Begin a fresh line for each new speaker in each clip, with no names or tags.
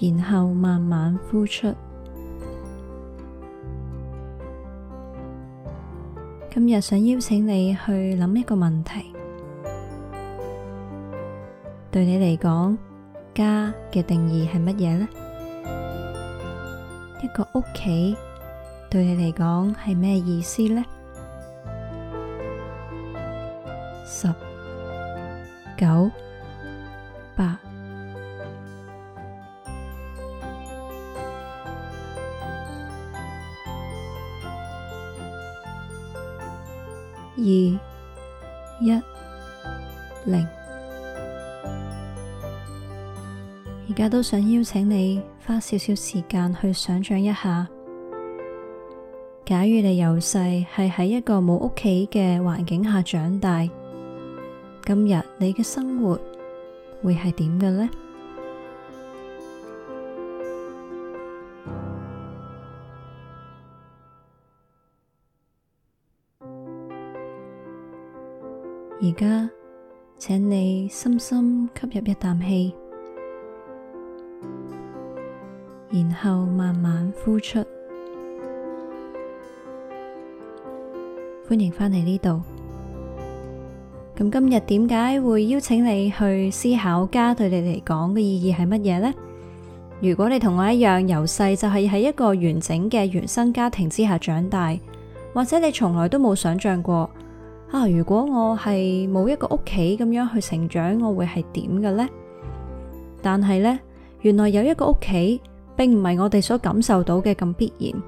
然後慢慢呼出。今日想邀請你去諗一個問題，對你嚟講，家嘅定義係乜嘢呢？一個屋企對你嚟講係咩意思呢？十、九、八。二一零，而家都想邀請你花少少時間去想象一下，假如你由細係喺一個冇屋企嘅環境下長大，今日你嘅生活會係點嘅呢？而家，請你深深吸入一啖氣，然後慢慢呼出。歡迎返嚟呢度。咁今日點解會邀請你去思考家對你嚟講嘅意義係乜嘢呢？如果你同我一樣由細就係喺一個完整嘅原生家庭之下長大，或者你從來都冇想象過。啊！如果我係冇一個屋企咁樣去成長，我會係點嘅呢？但係呢，原來有一個屋企，並唔係我哋所感受到嘅咁必然。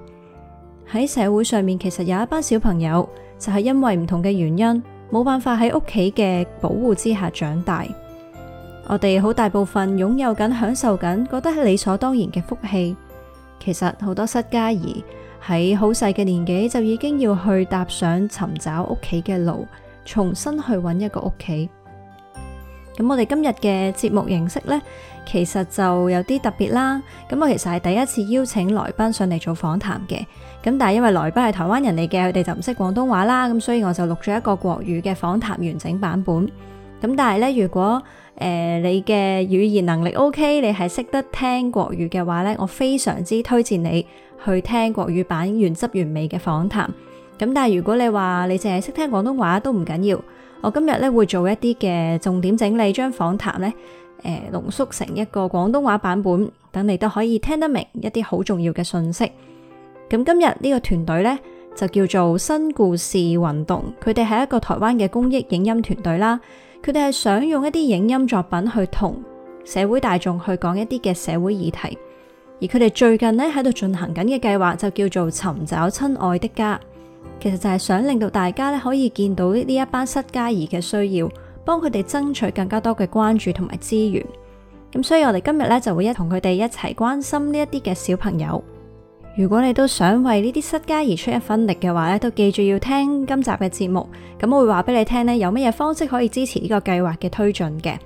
喺社會上面，其實有一班小朋友就係因為唔同嘅原因，冇辦法喺屋企嘅保護之下長大。我哋好大部分擁有緊、享受緊、覺得係理所當然嘅福氣，其實好多失家兒。喺好細嘅年紀就已經要去踏上尋找屋企嘅路，重新去揾一個屋企。咁我哋今日嘅節目形式呢，其實就有啲特別啦。咁我其實係第一次邀請來賓上嚟做訪談嘅。咁但係因為來賓係台灣人嚟嘅，佢哋就唔識廣東話啦。咁所以我就錄咗一個國語嘅訪談完整版本。咁但係呢，如果誒、呃，你嘅語言能力 OK，你係識得聽國語嘅話呢，我非常之推薦你去聽國語版原汁原味嘅訪談。咁但係如果你話你淨係識聽廣東話都唔緊要，我今日咧會做一啲嘅重點整理，將訪談呢誒、呃、濃縮成一個廣東話版本，等你都可以聽得明一啲好重要嘅訊息。咁今日呢個團隊呢，就叫做新故事運動，佢哋係一個台灣嘅公益影音團隊啦。佢哋係想用一啲影音作品去同社會大眾去講一啲嘅社會議題，而佢哋最近呢喺度進行緊嘅計劃就叫做尋找親愛的家，其實就係想令到大家咧可以見到呢一班失家兒嘅需要，幫佢哋爭取更加多嘅關注同埋資源。咁所以我哋今日呢，就會一同佢哋一齊關心呢一啲嘅小朋友。如果你都想為呢啲失家兒出一分力嘅話咧，都記住要聽今集嘅節目。咁我會話俾你聽咧，有乜嘢方式可以支持呢個計劃嘅推進嘅。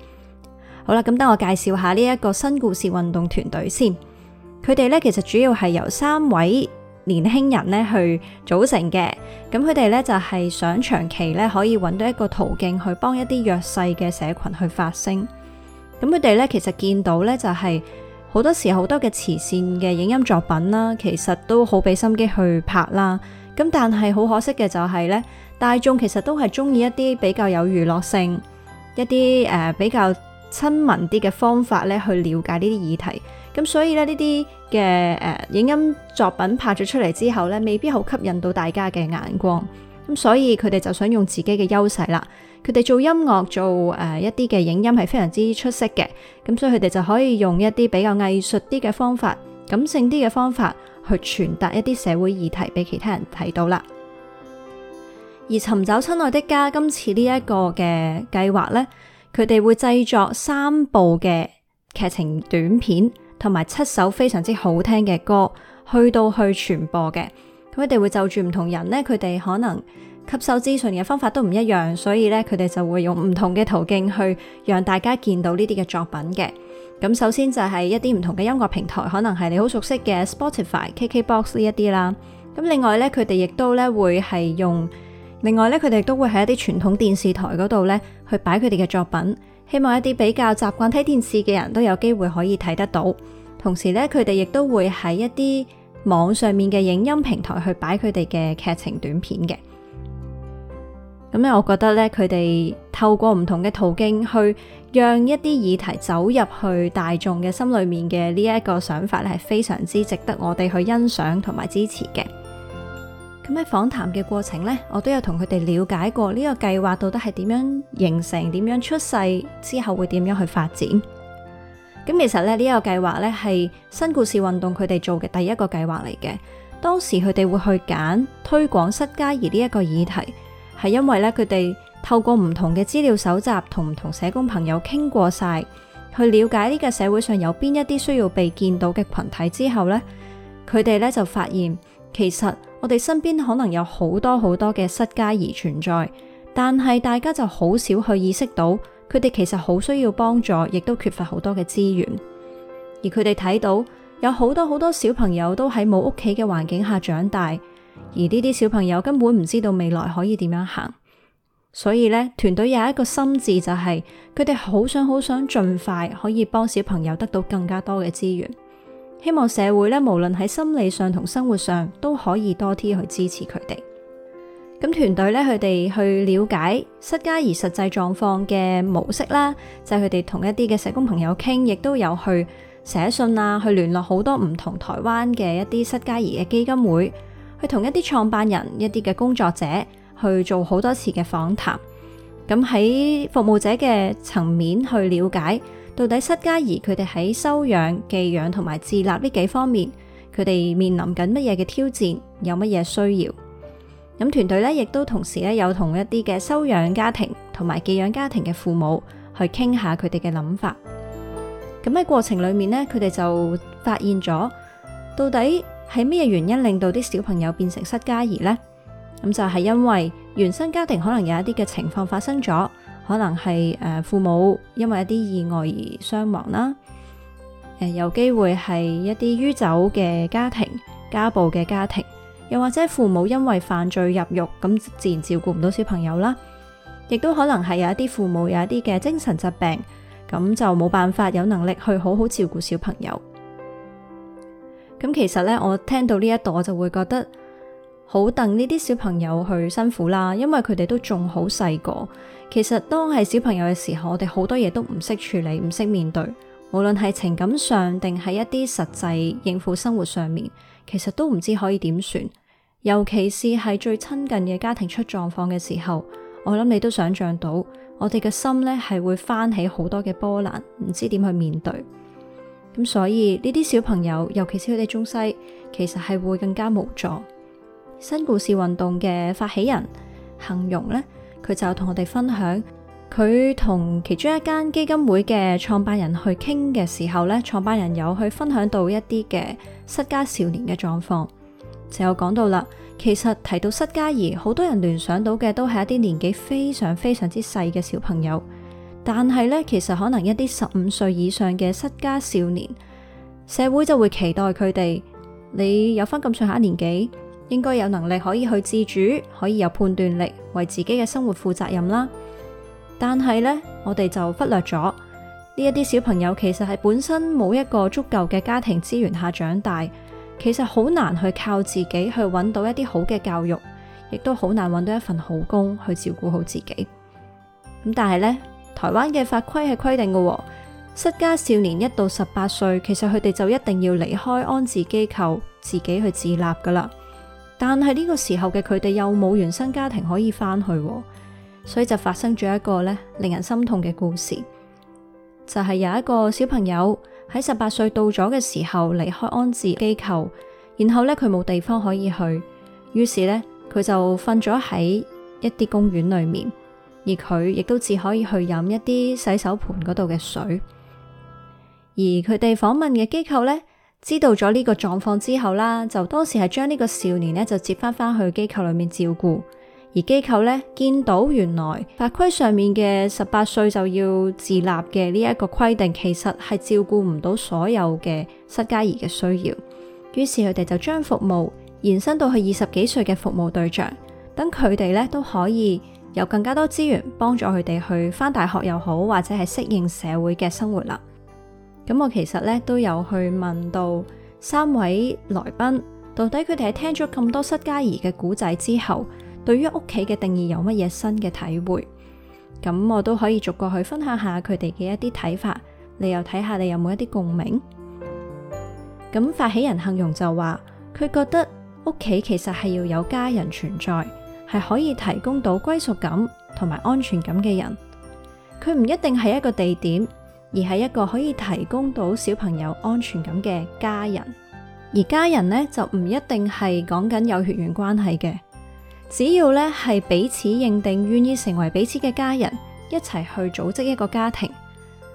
好啦，咁等我介紹下呢一個新故事運動團隊先。佢哋咧其實主要係由三位年輕人咧去組成嘅。咁佢哋咧就係想長期咧可以搵到一個途徑去幫一啲弱勢嘅社群去發聲。咁佢哋咧其實見到咧就係。好多時好多嘅慈善嘅影音作品啦，其實都好俾心機去拍啦。咁但係好可惜嘅就係咧，大眾其實都係中意一啲比較有娛樂性、一啲誒比較親民啲嘅方法咧去了解呢啲議題。咁所以咧呢啲嘅誒影音作品拍咗出嚟之後咧，未必好吸引到大家嘅眼光。咁所以佢哋就想用自己嘅優勢啦，佢哋做音樂做誒一啲嘅影音係非常之出色嘅，咁所以佢哋就可以用一啲比較藝術啲嘅方法，感性啲嘅方法去傳達一啲社會議題俾其他人睇到啦。而尋找親愛的家今次呢一個嘅計劃咧，佢哋會製作三部嘅劇情短片，同埋七首非常之好聽嘅歌，去到去傳播嘅。佢哋會就住唔同人咧，佢哋可能吸收資訊嘅方法都唔一樣，所以咧佢哋就會用唔同嘅途徑去讓大家見到呢啲嘅作品嘅。咁首先就係一啲唔同嘅音樂平台，可能係你好熟悉嘅 Spotify、KKBox 呢一啲啦。咁另外咧，佢哋亦都咧會係用，另外咧佢哋都會喺一啲傳統電視台嗰度咧去擺佢哋嘅作品，希望一啲比較習慣睇電視嘅人都有機會可以睇得到。同時咧，佢哋亦都會喺一啲網上面嘅影音平台去擺佢哋嘅劇情短片嘅，咁咧，我覺得咧，佢哋透過唔同嘅途徑去讓一啲議題走入去大眾嘅心裏面嘅呢一個想法咧，係非常之值得我哋去欣賞同埋支持嘅。咁喺訪談嘅過程咧，我都有同佢哋了解過呢個計劃到底係點樣形成，點樣出世之後會點樣去發展。咁其實咧，呢一個計劃咧係新故事運動佢哋做嘅第一個計劃嚟嘅。當時佢哋會去揀推廣失家兒呢一個議題，係因為咧佢哋透過唔同嘅資料搜集，同唔同社工朋友傾過晒，去了解呢個社會上有邊一啲需要被見到嘅群體之後咧，佢哋咧就發現其實我哋身邊可能有好多好多嘅失家兒存在，但係大家就好少去意識到。佢哋其實好需要幫助，亦都缺乏好多嘅資源。而佢哋睇到有好多好多小朋友都喺冇屋企嘅環境下長大，而呢啲小朋友根本唔知道未來可以點樣行。所以咧，團隊有一個心志，就係，就係，佢哋好想好想盡快可以幫小朋友得到更加多嘅資源。希望社會咧，無論喺心理上同生活上，都可以多啲去支持佢哋。咁團隊咧，佢哋去了解失家兒實際狀況嘅模式啦，就係佢哋同一啲嘅社工朋友傾，亦都有去寫信啊，去聯絡好多唔同台灣嘅一啲失家兒嘅基金會，去同一啲創辦人、一啲嘅工作者去做好多次嘅訪談。咁喺服務者嘅層面去了解，到底失家兒佢哋喺收養、寄養同埋自立呢幾方面，佢哋面臨緊乜嘢嘅挑戰，有乜嘢需要？咁團隊咧，亦都同時咧，有同一啲嘅收養家庭同埋寄養家庭嘅父母去傾下佢哋嘅諗法。咁喺過程裏面呢，佢哋就發現咗，到底係咩原因令到啲小朋友變成失家兒呢？咁就係因為原生家庭可能有一啲嘅情況發生咗，可能係誒父母因為一啲意外而傷亡啦，誒，有機會係一啲酗酒嘅家庭、家暴嘅家庭。又或者父母因為犯罪入獄，咁自然照顧唔到小朋友啦。亦都可能係有一啲父母有一啲嘅精神疾病，咁就冇辦法有能力去好好照顧小朋友。咁其實呢，我聽到呢一度，我就會覺得好戥呢啲小朋友去辛苦啦，因為佢哋都仲好細個。其實當係小朋友嘅時候，我哋好多嘢都唔識處理，唔識面對，無論係情感上定係一啲實際應付生活上面。其實都唔知可以點算，尤其是係最親近嘅家庭出狀況嘅時候，我諗你都想象到，我哋嘅心呢係會翻起好多嘅波瀾，唔知點去面對。咁所以呢啲小朋友，尤其是佢哋中西，其實係會更加無助。新故事運動嘅發起人，幸榮呢，佢就同我哋分享，佢同其中一間基金會嘅創辦人去傾嘅時候咧，創辦人有去分享到一啲嘅失家少年嘅狀況，就有講到啦。其實提到失家兒，好多人聯想到嘅都係一啲年紀非常非常之細嘅小朋友，但係咧，其實可能一啲十五歲以上嘅失家少年，社會就會期待佢哋，你有翻咁上下年紀，應該有能力可以去自主，可以有判斷力，為自己嘅生活負責任啦。但係呢，我哋就忽略咗呢一啲小朋友，其實係本身冇一個足夠嘅家庭資源下長大，其實好難去靠自己去揾到一啲好嘅教育，亦都好難揾到一份好工去照顧好自己。咁但係呢，台灣嘅法規係規定嘅哦，失家少年一到十八歲，其實佢哋就一定要離開安置機構，自己去自立噶啦。但係呢個時候嘅佢哋又冇原生家庭可以返去哦。所以就發生咗一個咧令人心痛嘅故事，就係有一個小朋友喺十八歲到咗嘅時候離開安置機構，然後咧佢冇地方可以去，於是咧佢就瞓咗喺一啲公園裏面，而佢亦都只可以去飲一啲洗手盆嗰度嘅水。而佢哋訪問嘅機構咧，知道咗呢個狀況之後啦，就當時係將呢個少年咧就接返返去機構裏面照顧。而機構咧見到原來法規上面嘅十八歲就要自立嘅呢一個規定，其實係照顧唔到所有嘅失家兒嘅需要。於是佢哋就將服務延伸到去二十幾歲嘅服務對象，等佢哋咧都可以有更加多資源幫助佢哋去返大學又好，或者係適應社會嘅生活啦。咁我其實咧都有去問到三位來賓，到底佢哋喺聽咗咁多失家兒嘅古仔之後，對於屋企嘅定義有乜嘢新嘅體會？咁我都可以逐個去分享下佢哋嘅一啲睇法，你又睇下你有冇一啲共鳴？咁發起人幸榮就話，佢覺得屋企其實係要有家人存在，係可以提供到歸屬感同埋安全感嘅人。佢唔一定係一個地點，而係一個可以提供到小朋友安全感嘅家人。而家人呢，就唔一定係講緊有血緣關係嘅。只要咧係彼此認定，願意成為彼此嘅家人，一齊去組織一個家庭，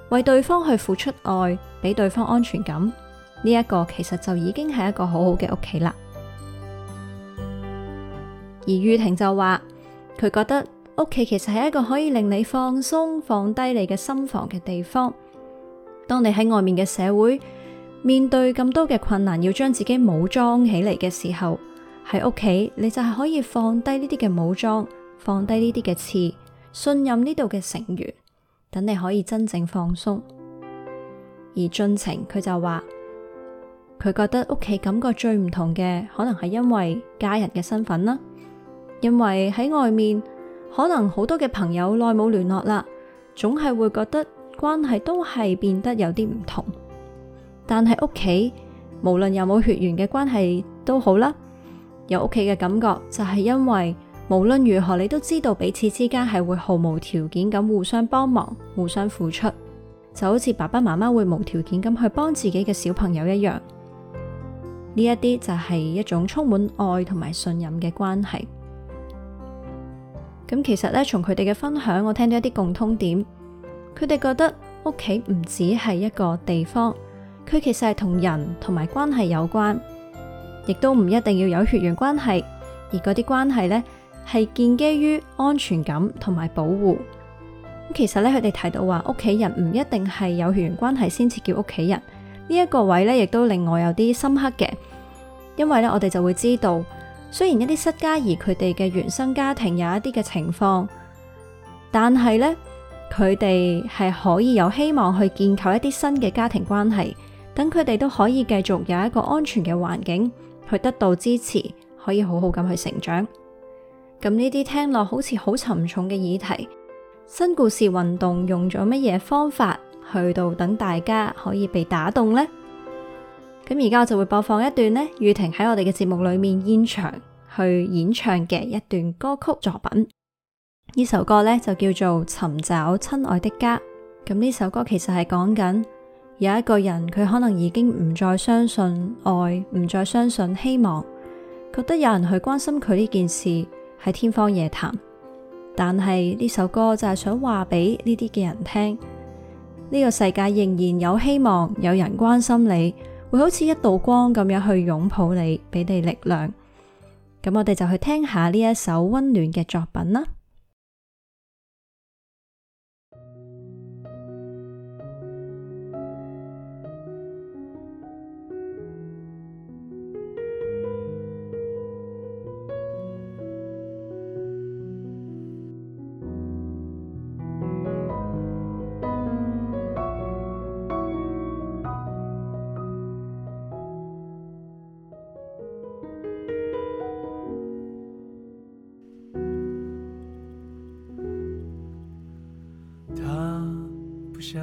為對方去付出愛，俾對方安全感，呢一個其實就已經係一個好好嘅屋企啦。而玉婷就話，佢覺得屋企其實係一個可以令你放鬆、放低你嘅心房嘅地方。當你喺外面嘅社會面對咁多嘅困難，要將自己武裝起嚟嘅時候，喺屋企，你就係可以放低呢啲嘅武裝，放低呢啲嘅刺，信任呢度嘅成員，等你可以真正放鬆。而俊情佢就話，佢覺得屋企感覺最唔同嘅，可能係因為家人嘅身份啦。因為喺外面可能好多嘅朋友耐冇聯絡啦，總係會覺得關係都係變得有啲唔同。但係屋企無論有冇血緣嘅關係都好啦。有屋企嘅感覺就係，因為無論如何你都知道彼此之間係會毫無條件咁互相幫忙、互相付出，就好似爸爸媽媽會無條件咁去幫自己嘅小朋友一樣。呢一啲就係一種充滿愛同埋信任嘅關係。咁其實呢，從佢哋嘅分享，我聽到一啲共通點，佢哋覺得屋企唔只係一個地方，佢其實係同人同埋關係有關。亦都唔一定要有血緣關係，而嗰啲關係呢，係建基於安全感同埋保護。其實咧，佢哋提到話屋企人唔一定係有血緣關係先至叫屋企人呢一個位呢，亦都令我有啲深刻嘅，因為呢，我哋就會知道，雖然一啲失家兒佢哋嘅原生家庭有一啲嘅情況，但係呢，佢哋係可以有希望去建構一啲新嘅家庭關係，等佢哋都可以繼續有一個安全嘅環境。佢得到支持，可以好好咁去成長。咁呢啲聽落好似好沉重嘅議題，新故事運動用咗乜嘢方法去到等大家可以被打動呢？咁而家我就會播放一段呢雨婷，喺我哋嘅節目裏面現場去演唱嘅一段歌曲作品。呢首歌呢，就叫做《尋找親愛的家》。咁呢首歌其實係講緊。有一個人，佢可能已經唔再相信愛，唔再相信希望，覺得有人去關心佢呢件事係天方夜譚。但係呢首歌就係想話俾呢啲嘅人聽，呢個世界仍然有希望，有人關心你，會好似一道光咁樣去擁抱你，俾你力量。咁我哋就去聽下呢一首溫暖嘅作品啦。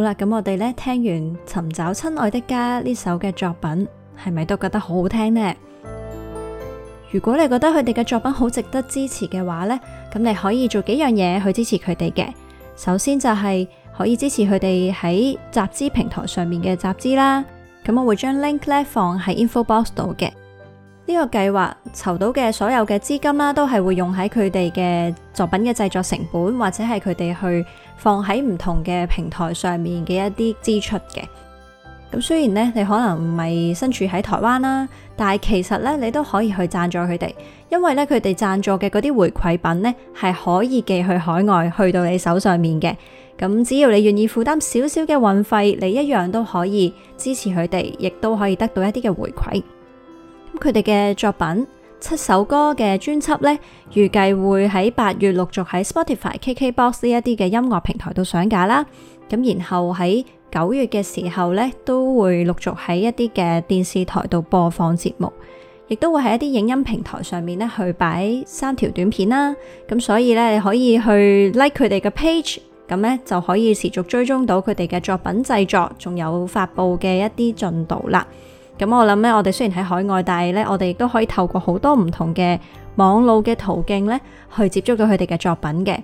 好啦，咁我哋咧聽完《尋找親愛的家》呢首嘅作品，係咪都覺得好好聽呢？如果你覺得佢哋嘅作品好值得支持嘅話呢，咁你可以做幾樣嘢去支持佢哋嘅。首先就係可以支持佢哋喺集資平台上面嘅集資啦。咁我會將 link 咧放喺 info box 度嘅。呢個計劃籌到嘅所有嘅資金啦，都係會用喺佢哋嘅作品嘅製作成本，或者係佢哋去放喺唔同嘅平台上面嘅一啲支出嘅。咁雖然咧，你可能唔係身處喺台灣啦，但係其實咧，你都可以去贊助佢哋，因為咧，佢哋贊助嘅嗰啲回饋品咧係可以寄去海外，去到你手上面嘅。咁只要你願意負擔少少嘅運費，你一樣都可以支持佢哋，亦都可以得到一啲嘅回饋。佢哋嘅作品七首歌嘅專輯呢，預計會喺八月陸續喺 Spotify、KKBox 呢一啲嘅音樂平台度上，上架啦。咁然後喺九月嘅時候呢，都會陸續喺一啲嘅電視台度播放節目，亦都會喺一啲影音平台上面咧去擺三條短片啦。咁所以呢，你可以去 like 佢哋嘅 page，咁呢，就可以持續追蹤到佢哋嘅作品製作，仲有發布嘅一啲進度啦。咁我諗咧，我哋雖然喺海外，但係咧，我哋亦都可以透過好多唔同嘅網路嘅途徑咧，去接觸到佢哋嘅作品嘅。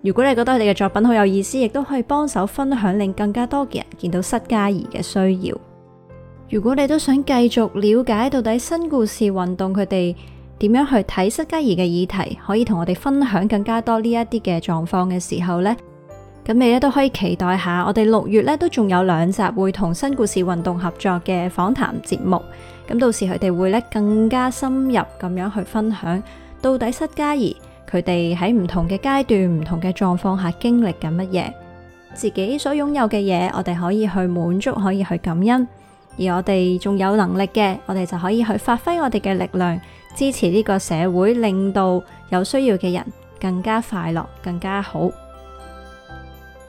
如果你覺得佢哋嘅作品好有意思，亦都可以幫手分享，令更加多嘅人見到失家兒嘅需要。如果你都想繼續了解到底新故事運動佢哋點樣去睇失家兒嘅議題，可以同我哋分享更加多呢一啲嘅狀況嘅時候呢。咁你咧都可以期待下，我哋六月咧都仲有兩集會同新故事運動合作嘅訪談節目。咁到時佢哋會咧更加深入咁樣去分享，到底失家兒佢哋喺唔同嘅階段、唔同嘅狀況下經歷緊乜嘢，自己所擁有嘅嘢，我哋可以去滿足，可以去感恩。而我哋仲有能力嘅，我哋就可以去發揮我哋嘅力量，支持呢個社會，令到有需要嘅人更加快樂、更加好。